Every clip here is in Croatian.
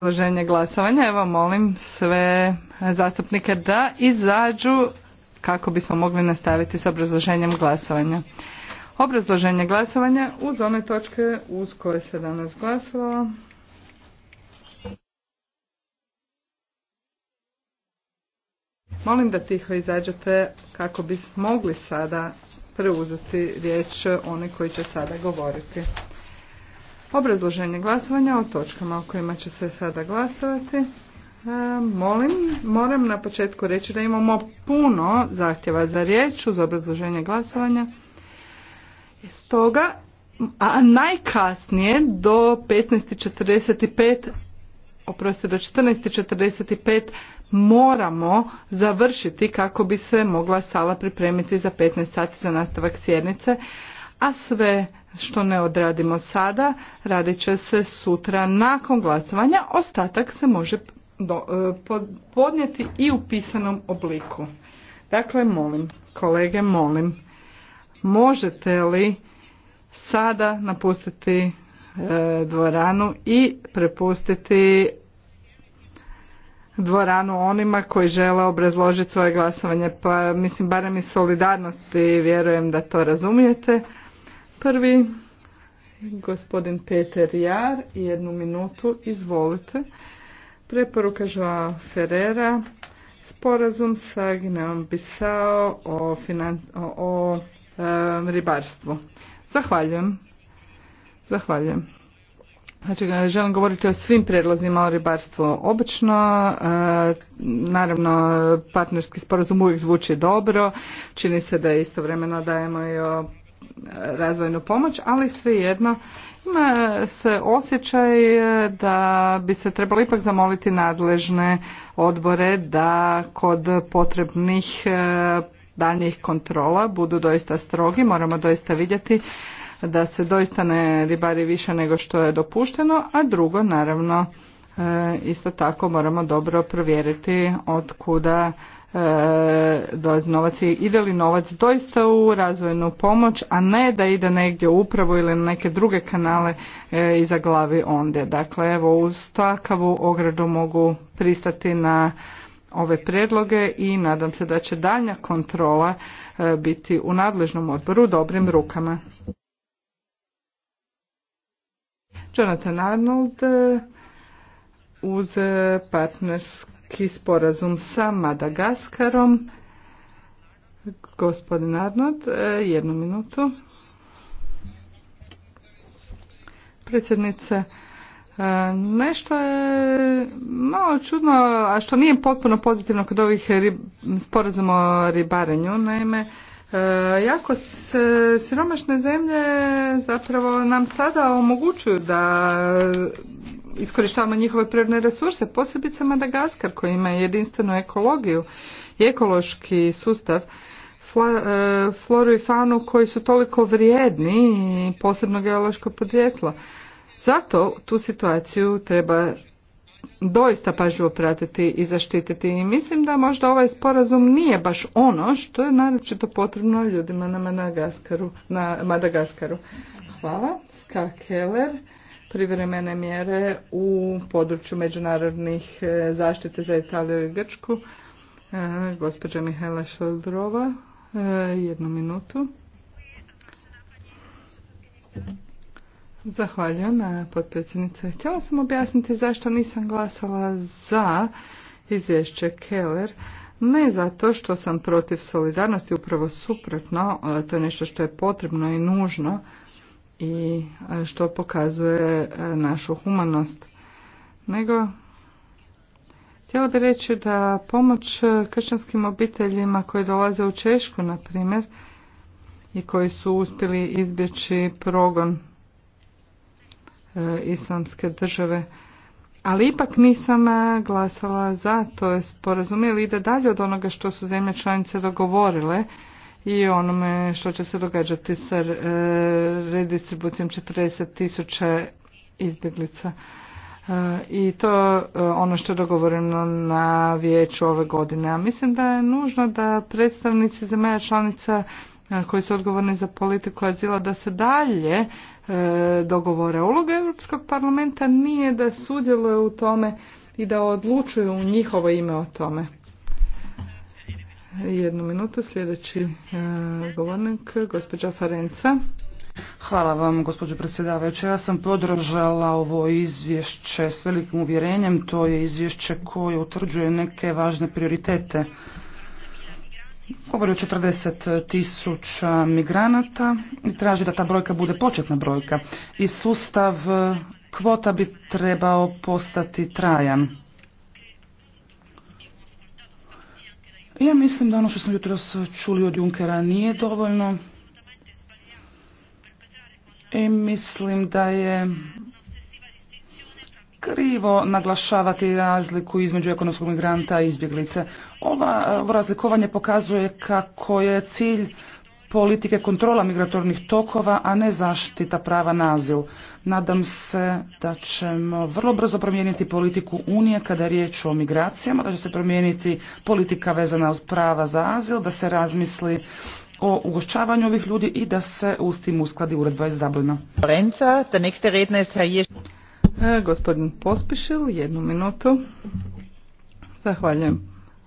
Obrazloženje glasovanja. Evo molim sve zastupnike da izađu kako bismo mogli nastaviti s obrazloženjem glasovanja. Obrazloženje glasovanja uz one točke uz koje se danas glasovalo. Molim da tiho izađete kako bismo mogli sada preuzeti riječ oni koji će sada govoriti. Obrazloženje glasovanja o točkama o kojima će se sada glasovati. E, molim, moram na početku reći da imamo puno zahtjeva za riječ uz obrazloženje glasovanja. E, stoga, a najkasnije do 15.45, oprostite, do 14.45 moramo završiti kako bi se mogla sala pripremiti za 15 sati za nastavak sjednice a sve što ne odradimo sada radit će se sutra nakon glasovanja, ostatak se može e, podnijeti i u pisanom obliku. Dakle, molim, kolege, molim, možete li sada napustiti e, dvoranu i prepustiti dvoranu onima koji žele obrazložiti svoje glasovanje. Pa mislim, barem iz solidarnosti vjerujem da to razumijete. Prvi, gospodin Peter Jar, jednu minutu, izvolite. Preporuka Joao Ferrera, sporazum sa Gneom Bisao o, o, o ribarstvu. Zahvaljujem. Zahvaljujem. Znači, želim govoriti o svim predlozima o ribarstvu. Obično, naravno, partnerski sporazum uvijek zvuči dobro. Čini se da istovremeno dajemo i o razvojnu pomoć, ali svejedno ima se osjećaj e, da bi se trebalo ipak zamoliti nadležne odbore da kod potrebnih e, daljnjih kontrola budu doista strogi, moramo doista vidjeti da se doista ne ribari više nego što je dopušteno, a drugo naravno e, isto tako moramo dobro provjeriti od kuda E, dolazi novac i ide li novac doista u razvojnu pomoć, a ne da ide negdje upravo ili na neke druge kanale e, iza glavi onda. Dakle, evo uz takavu ogradu mogu pristati na ove predloge i nadam se da će daljnja kontrola e, biti u nadležnom odboru u dobrim rukama. Jonathan Arnold uz politički sporazum sa Madagaskarom. Gospodin Arnold, e, jednu minutu. Predsjednice, e, Nešto je malo čudno, a što nije potpuno pozitivno kod ovih sporazuma o ribarenju. Naime, e, jako siromašne zemlje zapravo nam sada omogućuju da iskorištavamo njihove prirodne resurse, posebice Madagaskar koji ima jedinstvenu ekologiju i ekološki sustav, e, floru i faunu koji su toliko vrijedni i posebno geološko podrijetlo. Zato tu situaciju treba doista pažljivo pratiti i zaštititi i mislim da možda ovaj sporazum nije baš ono što je naročito potrebno ljudima na Madagaskaru. Na Madagaskaru. Hvala. Ska Keller privremene mjere u području međunarodnih e, zaštite za Italiju i Grčku. E, gospođa Mihajla Šeldrova, e, jednu minutu. Zahvaljujem, potpredsjednice. Htjela sam objasniti zašto nisam glasala za izvješće Keller. Ne zato što sam protiv solidarnosti, upravo suprotno, to je nešto što je potrebno i nužno, i što pokazuje e, našu humanost. Nego, htjela bih reći da pomoć kršćanskim obiteljima koji dolaze u Češku, na primjer, i koji su uspjeli izbjeći progon e, islamske države. Ali ipak nisam e, glasala za, to jest, porazumijeli ide dalje od onoga što su zemlje članice dogovorile i onome što će se događati sa e, redistribucijom 40 tisuća izbjeglica. E, I to e, ono što je dogovoreno na vijeću ove godine. A mislim da je nužno da predstavnici zemalja članica koji su odgovorni za politiku azila da se dalje dogovore. Uloga Europskog parlamenta nije da sudjeluje u tome i da odlučuju u njihovo ime o tome jednu minutu. Sljedeći e, govornik, gospođa Farenca. Hvala vam, gospođo predsjedavajuća. Ja sam podržala ovo izvješće s velikim uvjerenjem. To je izvješće koje utvrđuje neke važne prioritete. Govori o 40 tisuća migranata i traži da ta brojka bude početna brojka. I sustav kvota bi trebao postati trajan. Ja mislim da ono što smo jutros čuli od Junkera nije dovoljno. I mislim da je krivo naglašavati razliku između ekonomskog migranta i izbjeglice. Ova, ovo razlikovanje pokazuje kako je cilj politike kontrola migratornih tokova, a ne zaštita prava na azil. Nadam se da ćemo vrlo brzo promijeniti politiku Unije kada je riječ o migracijama, da će se promijeniti politika vezana od prava za azil, da se razmisli o ugošćavanju ovih ljudi i da se uz tim uskladi uredba iz Dublina. E, gospodin Pospišil, jednu minutu. Zahvaljujem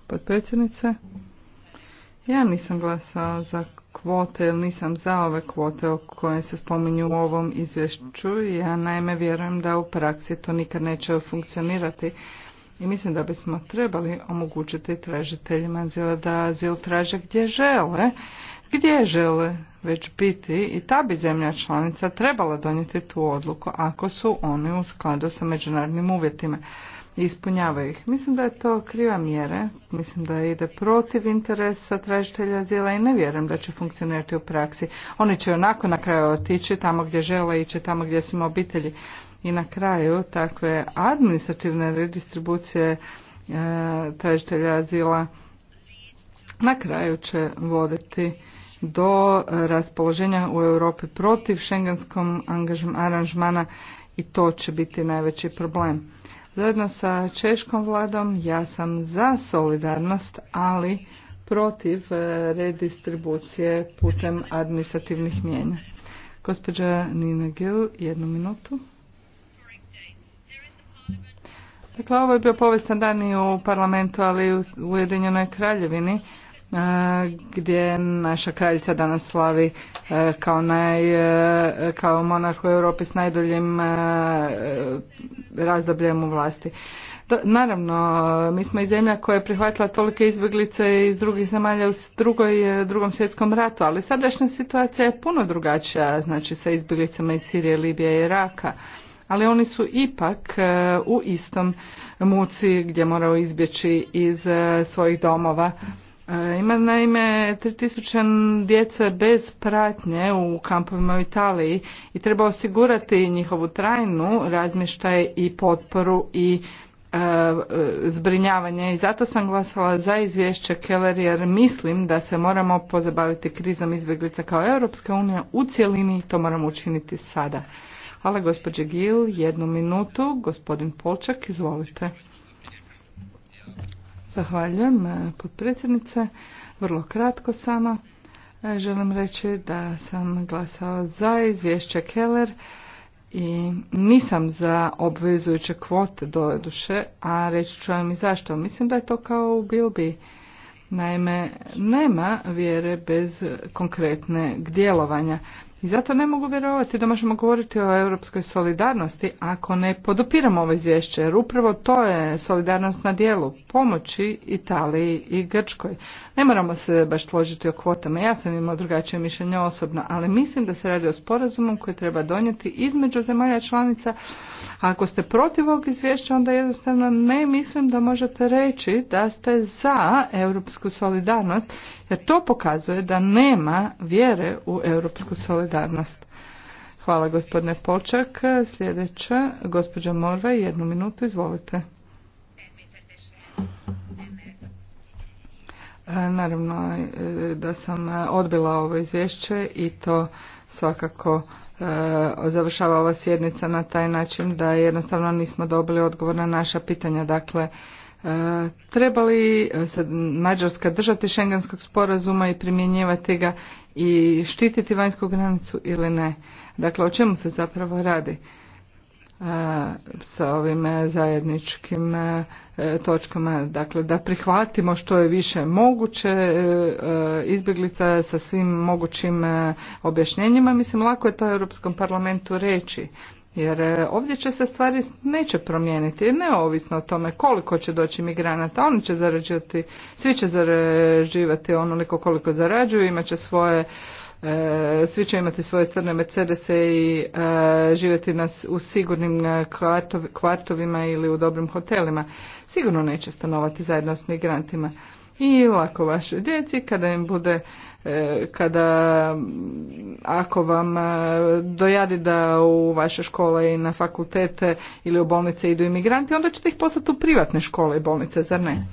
potpredsjednice. Ja nisam glasao za kvote jer nisam za ove kvote o koje se spominju u ovom izvješću. Ja naime vjerujem da u praksi to nikad neće funkcionirati i mislim da bismo trebali omogućiti tražiteljima azila da azil traže gdje žele, gdje žele već biti i ta bi zemlja članica trebala donijeti tu odluku ako su oni u skladu sa međunarodnim uvjetima i ispunjavaju ih. Mislim da je to kriva mjere. mislim da ide protiv interesa tražitelja azila i ne vjerujem da će funkcionirati u praksi. Oni će onako na kraju otići tamo gdje žele ići, tamo gdje su obitelji. I na kraju takve administrativne redistribucije e, tražitelja azila na kraju će voditi do raspoloženja u Europi protiv šengenskom aranžmana i to će biti najveći problem. Zajedno sa češkom vladom ja sam za solidarnost, ali protiv e, redistribucije putem administrativnih mijenja. Gospođa Nina Gil, jednu minutu. Dakle, ovo je bio povestan dan i u parlamentu, ali i u Ujedinjenoj kraljevini gdje naša kraljica danas slavi e, kao, naj, e, kao monarh u Europi s najduljim e, razdobljem u vlasti. Naravno, mi smo i zemlja koja je prihvatila tolike izbjeglice iz drugih zemalja u drugoj, drugom svjetskom ratu, ali sadašnja situacija je puno drugačija, znači sa izbjeglicama iz Sirije, Libije i Iraka. Ali oni su ipak u istom muci gdje moraju izbjeći iz svojih domova E, ima naime 3000 djece bez pratnje u kampovima u Italiji i treba osigurati njihovu trajnu razmještaj i potporu i e, zbrinjavanje i zato sam glasala za izvješće Keller jer mislim da se moramo pozabaviti krizom izbjeglica kao Europska unija u cjelini i to moramo učiniti sada. Hvala gospođe Gil, jednu minutu, gospodin Polčak, izvolite. Zahvaljujem e, potpredsjednice. Vrlo kratko samo. E, želim reći da sam glasao za izvješće Keller i nisam za obvezujuće kvote do duše, a reći ću vam i zašto. Mislim da je to kao u Bilbi. Naime, nema vjere bez konkretne djelovanja. I zato ne mogu vjerovati da možemo govoriti o europskoj solidarnosti ako ne podupiramo ovo izvješće, jer upravo to je solidarnost na dijelu, pomoći Italiji i Grčkoj. Ne moramo se baš složiti o kvotama, ja sam imao drugačije mišljenje osobno, ali mislim da se radi o sporazumom koji treba donijeti između zemalja članica. A ako ste protiv ovog izvješća, onda jednostavno ne mislim da možete reći da ste za europsku solidarnost, jer to pokazuje da nema vjere u europsku solidarnost solidarnost. Hvala gospodine Počak. Sljedeća, gospođa Morva, jednu minutu, izvolite. E, naravno e, da sam e, odbila ovo izvješće i to svakako završava ova sjednica na taj način da jednostavno nismo dobili odgovor na naša pitanja. Dakle, Treba li se Mađarska držati šengenskog sporazuma i primjenjivati ga i štititi vanjsku granicu ili ne? Dakle, o čemu se zapravo radi? E, sa ovim zajedničkim e, točkama. Dakle, da prihvatimo što je više moguće e, izbjeglica sa svim mogućim objašnjenjima. Mislim, lako je to Europskom parlamentu reći, jer e, ovdje će se stvari neće promijeniti, neovisno o tome koliko će doći migranata, oni će zarađivati, svi će zarađivati onoliko koliko zarađuju, imat će svoje, e, svi će imati svoje crne Mercedese i e, živjeti nas u sigurnim kvartovima ili u dobrim hotelima. Sigurno neće stanovati zajedno s migrantima i lako vaše djeci kada im bude e, kada ako vam e, dojadi da u vaše škole i na fakultete ili u bolnice idu imigranti onda ćete ih poslati u privatne škole i bolnice zar ne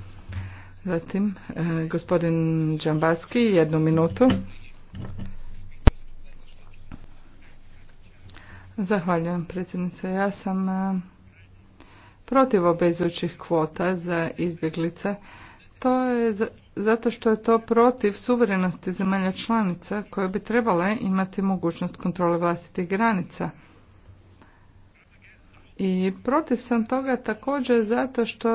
zatim e, gospodin Džambaski jednu minutu Zahvaljujem predsjednice. Ja sam protiv obvezujućih kvota za izbjeglice to je zato što je to protiv suverenosti zemalja članica koje bi trebale imati mogućnost kontrole vlastitih granica. I protiv sam toga također zato što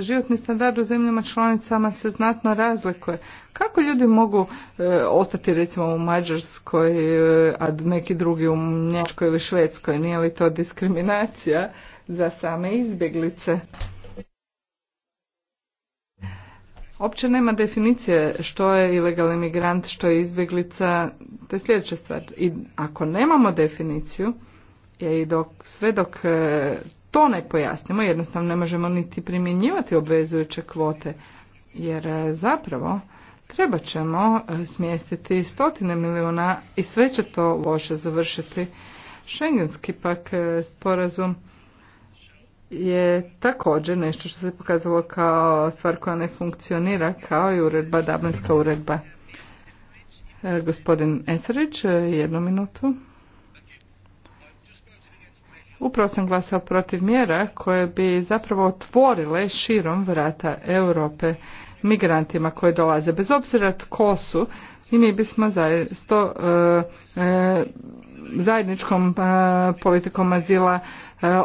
životni standard u zemljama članicama se znatno razlikuje. Kako ljudi mogu e, ostati recimo u Mađarskoj, e, a neki drugi u Njemačkoj ili Švedskoj? Nije li to diskriminacija za same izbjeglice? Opće nema definicije što je ilegalni migrant, što je izbjeglica, to je sljedeća stvar. I ako nemamo definiciju, i dok, sve dok e, to ne pojasnimo, jednostavno ne možemo niti primjenjivati obvezujuće kvote, jer e, zapravo treba ćemo e, smjestiti stotine milijuna i sve će to loše završiti. Šengenski pak sporazum je također nešto što se pokazalo kao stvar koja ne funkcionira kao i uredba, Dablinska uredba. E, gospodin Eterić, jednu minutu. Upravo sam glasao protiv mjera koje bi zapravo otvorile širom vrata Europe migrantima koji dolaze. Bez obzira tko su, i mi bismo zaista e, e, zajedničkom e, politikom azila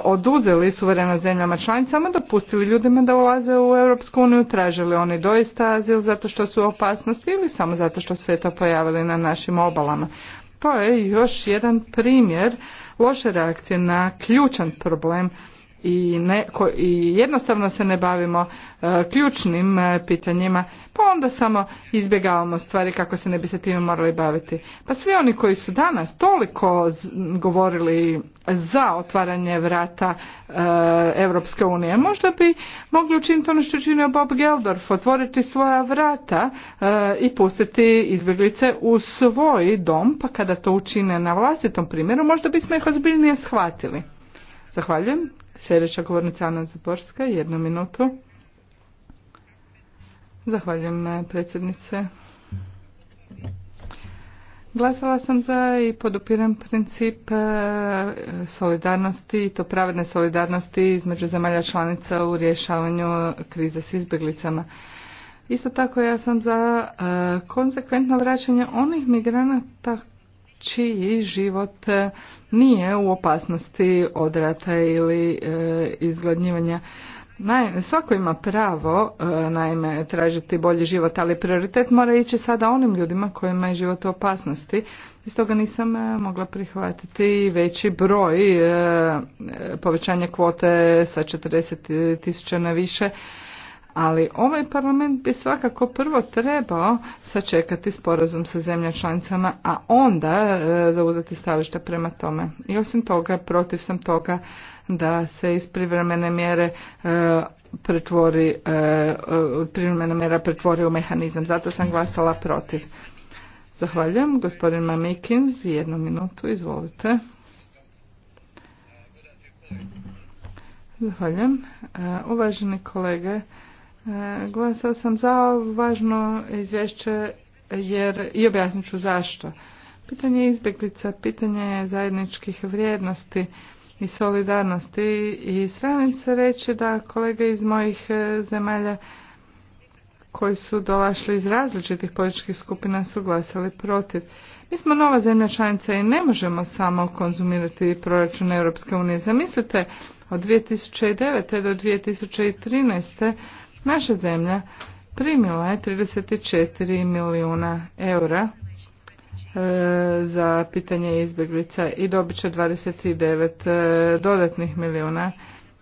oduzeli suvereno zemljama članicama, dopustili ljudima da ulaze u Europsku uniju, tražili oni doista azil zato što su opasnosti ili samo zato što su se to pojavili na našim obalama. To je još jedan primjer loše reakcije na ključan problem i, ne, ko, i jednostavno se ne bavimo e, ključnim e, pitanjima, pa onda samo izbjegavamo stvari kako se ne bi se time morali baviti. Pa svi oni koji su danas toliko govorili za otvaranje vrata e, Europske unije, možda bi mogli učiniti ono što činio Bob Geldorf, otvoriti svoja vrata e, i pustiti izbjeglice u svoj dom, pa kada to učine na vlastitom primjeru, možda bismo ih ozbiljnije shvatili. Zahvaljujem. Sljedeća govornica Ana Zaborska, jednu minutu. Zahvaljujem eh, predsjednice. Glasala sam za i podupiram princip eh, solidarnosti i to pravedne solidarnosti između zemalja članica u rješavanju krize s izbjeglicama. Isto tako ja sam za eh, konsekventno vraćanje onih migranata čiji život e, nije u opasnosti od rata ili e, izgladnjivanja. Naime, svako ima pravo, e, naime, tražiti bolji život, ali prioritet mora ići sada onim ljudima kojima je život u opasnosti. Iz toga nisam mogla prihvatiti veći broj povećanja kvote sa 40 tisuća na više ali ovaj parlament bi svakako prvo trebao sačekati sporazum sa zemlja članicama, a onda e, zauzeti stavišta prema tome. I osim toga, protiv sam toga da se iz privremene mjere e, pretvori, e, privremena mjera pretvori u mehanizam. Zato sam glasala protiv. Zahvaljujem. Gospodin Mamikins, jednu minutu, izvolite. Zahvaljujem. Uvaženi kolege, E, glasao sam za važno izvješće jer i objasnit ću zašto. Pitanje izbjeglica, pitanje zajedničkih vrijednosti i solidarnosti i sramim se reći da kolege iz mojih e, zemalja koji su dolašli iz različitih političkih skupina su glasali protiv. Mi smo nova zemlja članica i ne možemo samo konzumirati proračun Europske unije. Zamislite, od 2009. do 2013. Naša zemlja primila je 34 milijuna eura e, za pitanje izbjeglica i dobit će 29 e, dodatnih milijuna.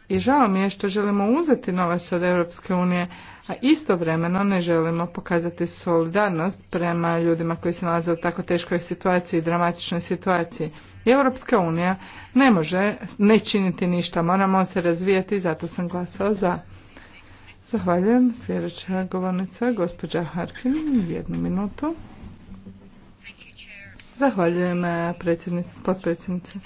I žao mi je što želimo uzeti novac od Europske unije, a istovremeno ne želimo pokazati solidarnost prema ljudima koji se nalaze u tako teškoj situaciji i dramatičnoj situaciji. I Europska unija ne može ne činiti ništa, moramo se razvijati i zato sam glasao za. Zahvaljujem. Sljedeća govornica, gospođa Harkin, jednu minutu. Zahvaljujem eh, potpredsjednice.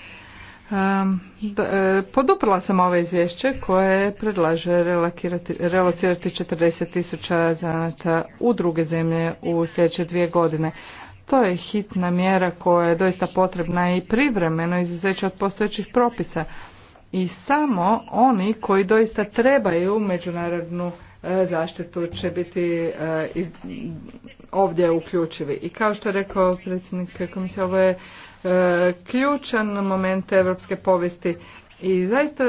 Ehm, eh, poduprla sam ovo izvješće koje predlaže relocirati 40 tisuća zanata u druge zemlje u sljedeće dvije godine. To je hitna mjera koja je doista potrebna i privremeno izuzeće od postojećih propisa i samo oni koji doista trebaju međunarodnu e, zaštitu će biti e, ovdje uključivi. I kao što je rekao predsjednik komisije, ovo je e, ključan moment europske povijesti i zaista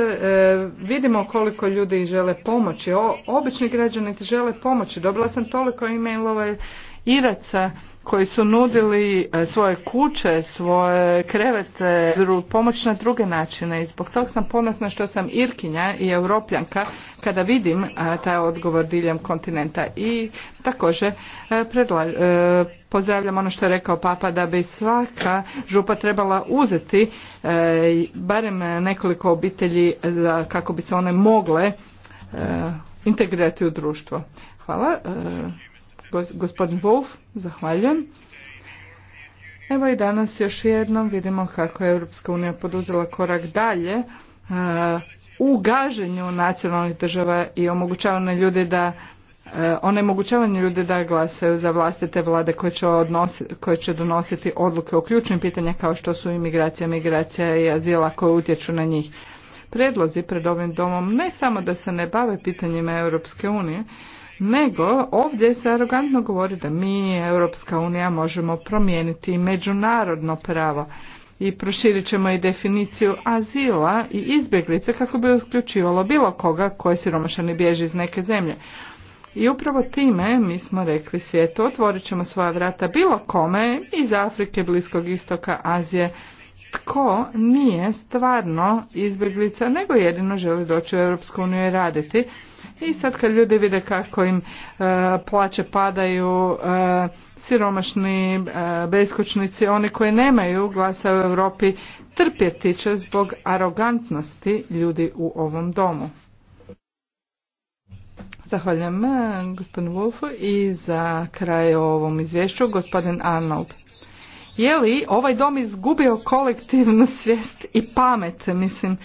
vidimo koliko ljudi žele pomoći. O, obični građani žele pomoći. Dobila sam toliko e-mailova Iraca koji su nudili e, svoje kuće, svoje krevete, pomoć na druge načine i zbog toga sam ponosna što sam Irkinja i Europljanka kada vidim taj odgovor diljem kontinenta i također e, e, pozdravljam ono što je rekao papa da bi svaka župa trebala uzeti barem nekoliko obitelji kako bi se one mogle integrirati u društvo. Hvala. Gospodin Wolf, zahvaljujem. Evo i danas još jednom vidimo kako je Europska unija poduzela korak dalje e, u gaženju nacionalnih država i omogućavanje ljude da one onemogućavanje ljudi da glasaju za vlastite vlade koje će, odnosi, koje će donositi odluke o ključnim pitanja kao što su imigracija, migracija i azila koje utječu na njih. Predlozi pred ovim domom ne samo da se ne bave pitanjima Europske unije, nego ovdje se arogantno govori da mi, Europska unija, možemo promijeniti međunarodno pravo i proširit ćemo i definiciju azila i izbjeglice kako bi uključivalo bilo koga koji siromašan i bježi iz neke zemlje. I upravo time mi smo rekli svijetu otvorit ćemo svoja vrata bilo kome iz Afrike, Bliskog istoka, Azije, tko nije stvarno izbjeglica nego jedino želi doći u Europsku uniju i raditi i sad kad ljudi vide kako im e, plaće padaju, e, siromašni, e, beskućnici, oni koji nemaju glasa u Europi, trpjeti će zbog arogantnosti ljudi u ovom domu. Zahvaljujem gospodinu Wolfu i za kraj ovom izvješću gospodin Arnold. Je li ovaj dom izgubio kolektivnu svijest i pamet? Mislim,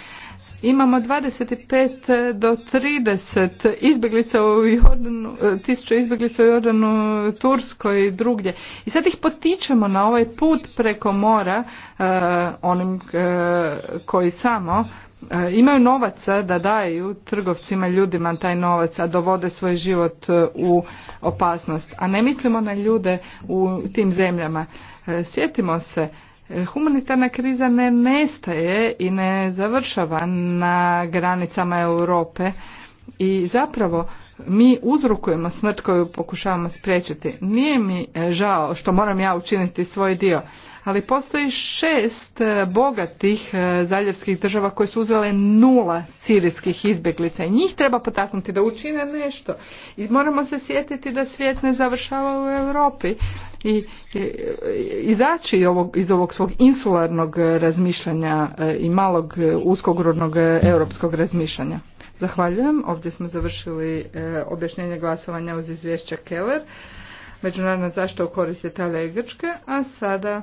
Imamo 25 do 30 izbjeglica u Jordanu, e, tisuća izbjeglica u Jordanu, Turskoj i drugdje. I sad ih potičemo na ovaj put preko mora e, onim e, koji samo imaju novaca da daju trgovcima ljudima taj novac, a dovode svoj život u opasnost. A ne mislimo na ljude u tim zemljama. Sjetimo se Humanitarna kriza ne nestaje i ne završava na granicama Europe i zapravo mi uzrukujemo smrt koju pokušavamo spriječiti. Nije mi e, žao što moram ja učiniti svoj dio, ali postoji šest e, bogatih e, zaljevskih država koje su uzele nula sirijskih izbjeglica i njih treba potaknuti da učine nešto. I moramo se sjetiti da svijet ne završava u Europi i izaći iz ovog svog insularnog e, razmišljanja i malog uskogrodnog europskog razmišljanja. Zahvaljujem. Ovdje smo završili objašnjenje glasovanja uz izvješća Keller. Međunarodna zašto u korist i Grčke, a sada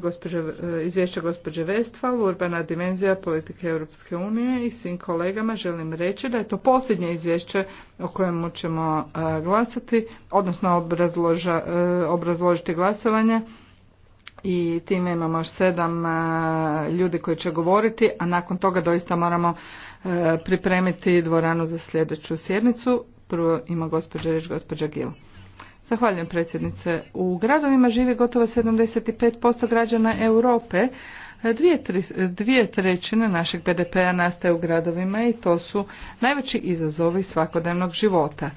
Gospođe, izvješće gospođe Westfall, urbana dimenzija politike Europske unije i svim kolegama želim reći da je to posljednje izvješće o kojemu ćemo e, glasati, odnosno e, obrazložiti glasovanje i time imamo još sedam e, ljudi koji će govoriti, a nakon toga doista moramo pripremiti dvoranu za sljedeću sjednicu. Prvo ima gospođa Reč, gospođa Gil. Zahvaljujem predsjednice. U gradovima živi gotovo 75% građana Europe. Dvije, tri, trećine našeg BDP-a nastaje u gradovima i to su najveći izazovi svakodnevnog života.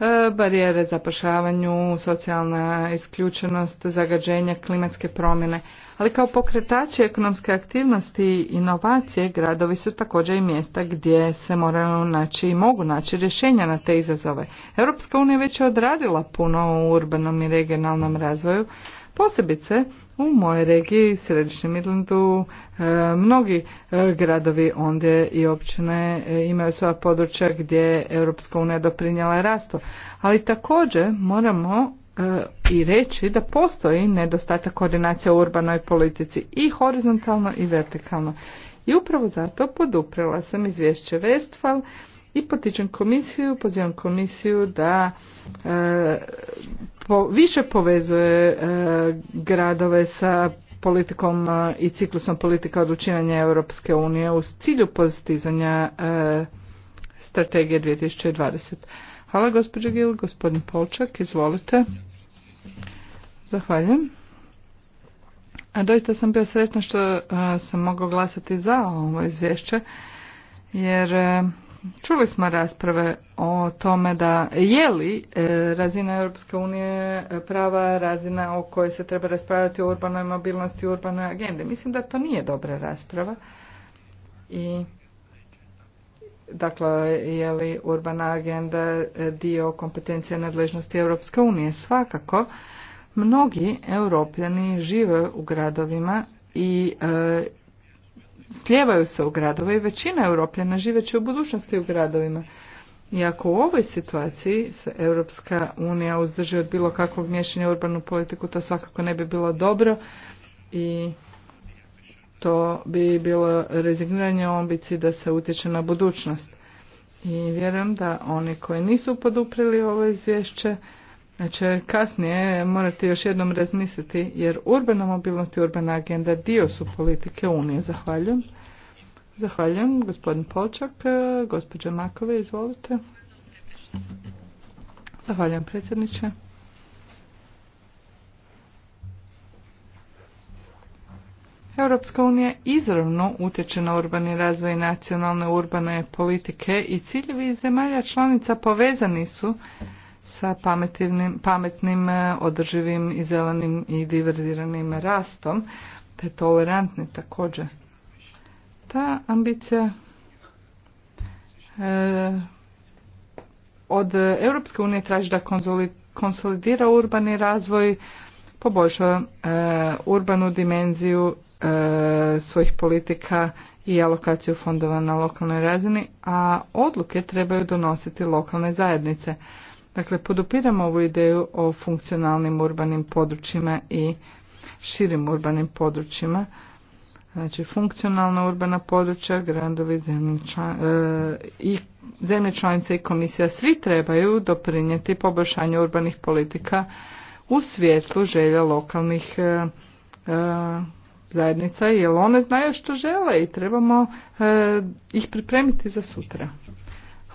E, barijere zapošljavanju, socijalna isključenost, zagađenja, klimatske promjene. Ali kao pokretači ekonomske aktivnosti i inovacije gradovi su također i mjesta gdje se moraju naći i mogu naći rješenja na te izazove. Europska unija već je odradila puno u urbanom i regionalnom razvoju, posebice u mojoj regiji, Središnjem Midlandu, e, mnogi e, gradovi ondje i općine e, imaju svoja područja gdje je Europska unija doprinjela rastu. Ali također moramo i reći da postoji nedostatak koordinacija u urbanoj politici i horizontalno i vertikalno. I upravo zato poduprela sam izvješće Vestval i potičem komisiju, pozivam komisiju da e, više povezuje e, gradove sa politikom e, i ciklusom politika odlučivanja Europske unije u cilju postizanja strategije 2020. Hvala gospođo Gil, gospodin Polčak, izvolite. Zahvaljujem. A doista sam bio sretna što sam mogao glasati za ovo izvješće jer Čuli smo rasprave o tome da je li e, razina Europske unije e, prava razina o kojoj se treba raspravljati o urbanoj mobilnosti i urbanoj agendi. Mislim da to nije dobra rasprava. I dakle, je li urbana agenda e, dio kompetencije nadležnosti Europske unije? Svakako, mnogi europljani žive u gradovima i sljevaju se u gradove i većina europljana živeće u budućnosti u gradovima. I ako u ovoj situaciji se Europska unija uzdrži od bilo kakvog miješanja u urbanu politiku, to svakako ne bi bilo dobro i to bi bilo rezigniranje u ambici da se utječe na budućnost. I vjerujem da oni koji nisu poduprili ovo izvješće Znači, kasnije morate još jednom razmisliti jer urbana mobilnost i urbana agenda dio su politike Unije. Zahvaljujem. Zahvaljujem. Gospodin Polčak, gospođa Makove, izvolite. Zahvaljujem predsjedniče. Europska unija izravno utječe na urbani razvoj nacionalne urbane politike i ciljevi zemalja članica povezani su sa pametnim, pametnim, e, održivim i zelenim i diverziranim rastom, te tolerantni također. Ta ambicija e, od Europske unije traži da konsolidira urbani razvoj, poboljša e, urbanu dimenziju svojih politika i alokaciju fondova na lokalnoj razini, a odluke trebaju donositi lokalne zajednice. Dakle, podupiramo ovu ideju o funkcionalnim urbanim područjima i širim urbanim područjima. Znači, funkcionalna urbana područja, gradovi, zemlje e, i zemlje članice i komisija svi trebaju doprinijeti poboljšanju urbanih politika u svjetlu želja lokalnih e, e, zajednica, jer one znaju što žele i trebamo e, ih pripremiti za sutra.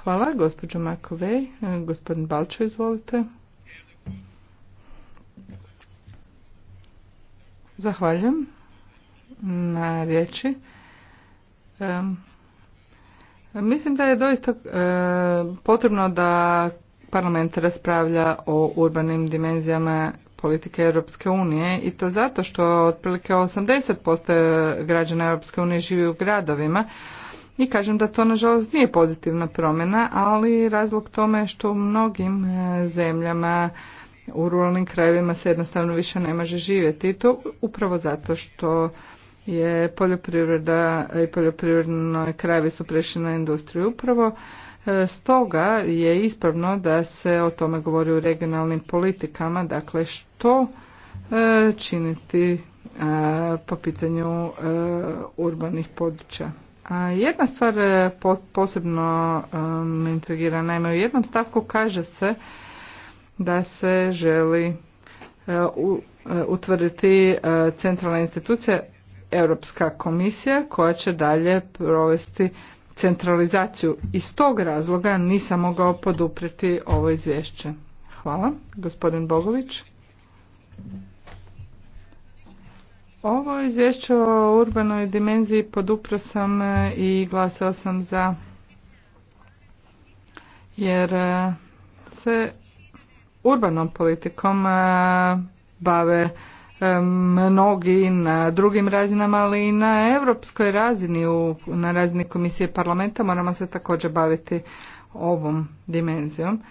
Hvala, gospođo Makovej. Gospodin Balčo, izvolite. Zahvaljujem na riječi. mislim da je doista potrebno da parlament raspravlja o urbanim dimenzijama politike Europske unije i to zato što otprilike 80% građana Europske unije živi u gradovima, i kažem da to nažalost nije pozitivna promjena, ali razlog tome je što u mnogim e, zemljama u ruralnim krajevima se jednostavno više ne može živjeti i to upravo zato što je poljoprivreda i poljoprivredno krajevi su prešli na industriju. Upravo e, stoga je ispravno da se o tome govori u regionalnim politikama, dakle što e, činiti po pitanju urbanih područja. Jedna stvar e, posebno e, me intrigira. Naime, u jednom stavku kaže se da se želi e, utvrditi centralna institucija Europska komisija koja će dalje provesti centralizaciju. Iz tog razloga nisam mogao poduprijeti ovo izvješće. Hvala. Gospodin Bogović. Ovo izvješće o urbanoj dimenziji podupro sam e, i glasao sam za jer e, se urbanom politikom e, bave mnogi na drugim razinama, ali i na europskoj razini, na razini komisije parlamenta moramo se također baviti ovom dimenzijom.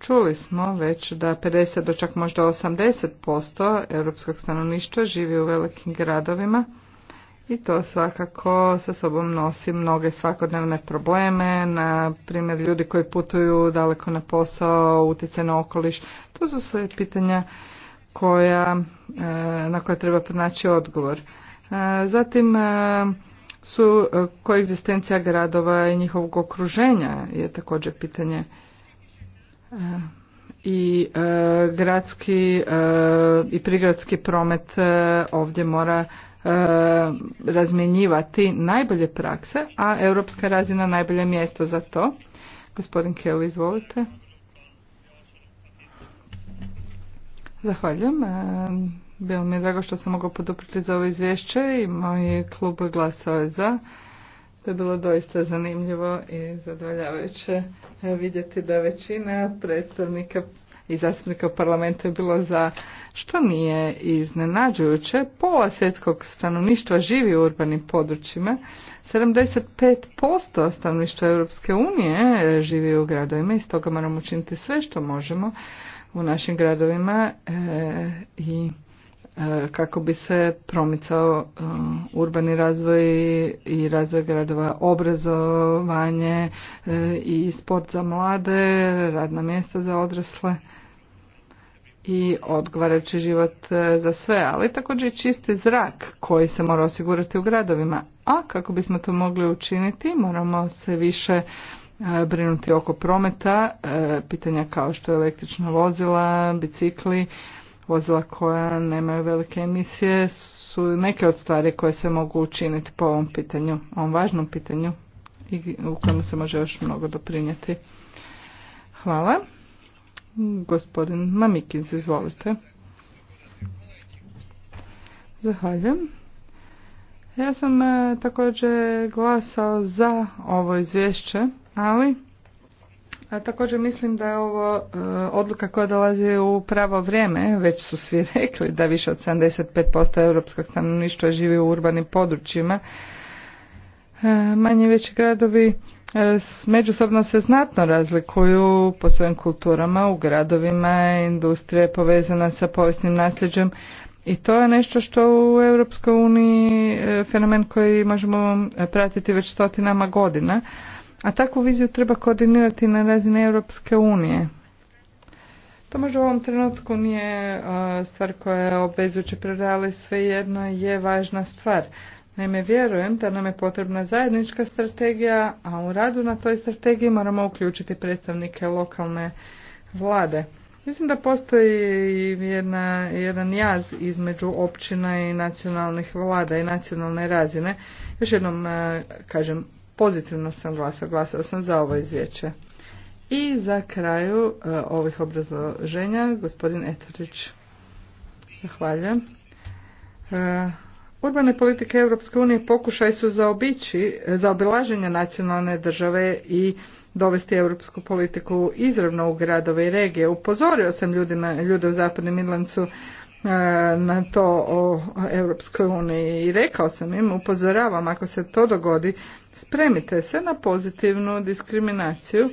Čuli smo već da 50 do čak možda 80% europskog stanovništva živi u velikim gradovima i to svakako sa sobom nosi mnoge svakodnevne probleme, na primjer ljudi koji putuju daleko na posao, utjecaj na okoliš. To su sve pitanja koja, e, na koja treba pronaći odgovor. E, zatim e, su koegzistencija gradova i njihovog okruženja je također pitanje i e, gradski e, i prigradski promet e, ovdje mora razmjenjivati najbolje prakse, a europska razina najbolje mjesto za to. Gospodin Kelly, izvolite. Zahvaljujem. Bilo mi je drago što sam mogao podupriti za ovo izvješće i moj klub glasao je za. To je bilo doista zanimljivo i zadovoljavajuće e, vidjeti da većina predstavnika i zastupnika u parlamentu je bilo za, što nije iznenađujuće, pola svjetskog stanovništva živi u urbanim područjima, 75% stanovništva Europske unije e, živi u gradovima i stoga moramo učiniti sve što možemo u našim gradovima e, i E, kako bi se promicao e, urbani razvoj i razvoj gradova, obrazovanje e, i sport za mlade, radna mjesta za odrasle i odgovarajući život za sve, ali također i čisti zrak koji se mora osigurati u gradovima. A kako bismo to mogli učiniti, moramo se više brinuti oko prometa, pitanja kao što je električna vozila, bicikli, vozila koja nemaju velike emisije su neke od stvari koje se mogu učiniti po ovom pitanju, ovom važnom pitanju i u kojem se može još mnogo doprinijeti. Hvala. Gospodin Mamikins, izvolite. Zahvaljujem. Ja sam e, također glasao za ovo izvješće, ali a također mislim da je ovo e, odluka koja dolazi u pravo vrijeme, već su svi rekli da više od 75% europskog stanovništva živi u urbanim područjima. E, manje veći gradovi e, međusobno se znatno razlikuju po svojim kulturama u gradovima, industrija je povezana sa povijesnim nasljeđem i to je nešto što u Europskoj uniji fenomen koji možemo pratiti već stotinama godina a takvu viziju treba koordinirati na razini Europske unije. To možda u ovom trenutku nije stvar koja je obvezujuća priroda, ali svejedno je važna stvar. Naime, vjerujem da nam je potrebna zajednička strategija, a u radu na toj strategiji moramo uključiti predstavnike lokalne vlade. Mislim da postoji jedna, jedan jaz između općina i nacionalnih vlada i nacionalne razine. Još jednom kažem, pozitivno sam glasao, glasao sam za ovo izvješće. I za kraju e, ovih obrazloženja, gospodin Etarić, Zahvaljujem. E, urbane politike Europske unije pokušaj su zaobići, zaobilaženja nacionalne države i dovesti europsku politiku izravno u gradove i regije. Upozorio sam ljude u zapadnom Midlancu E, na to o Europskoj uniji i rekao sam im, upozoravam ako se to dogodi, spremite se na pozitivnu diskriminaciju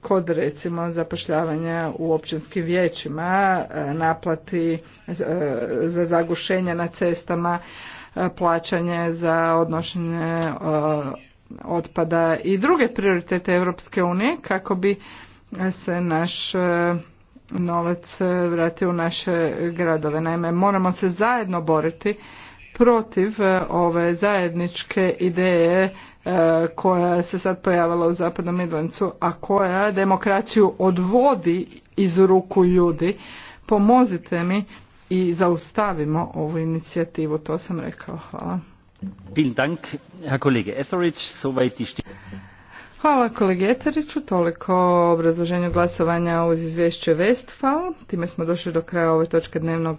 kod recimo zapošljavanja u općinskim vijećima, e, naplati e, za zagušenje na cestama, plaćanje za odnošenje otpada i druge prioritete Europske unije kako bi se naš novac e, vrati u naše gradove. Naime, moramo se zajedno boriti protiv e, ove zajedničke ideje e, koja se sad pojavila u Zapadnom Midlancu, a koja demokraciju odvodi iz ruku ljudi. Pomozite mi i zaustavimo ovu inicijativu, to sam rekao. Hvala. Vielen Dank, Herr Kollege Soweit die Hvala kolegi Eteriću, toliko o obrazloženju glasovanja uz izvješće Westfall. Time smo došli do kraja ove točke dnevnog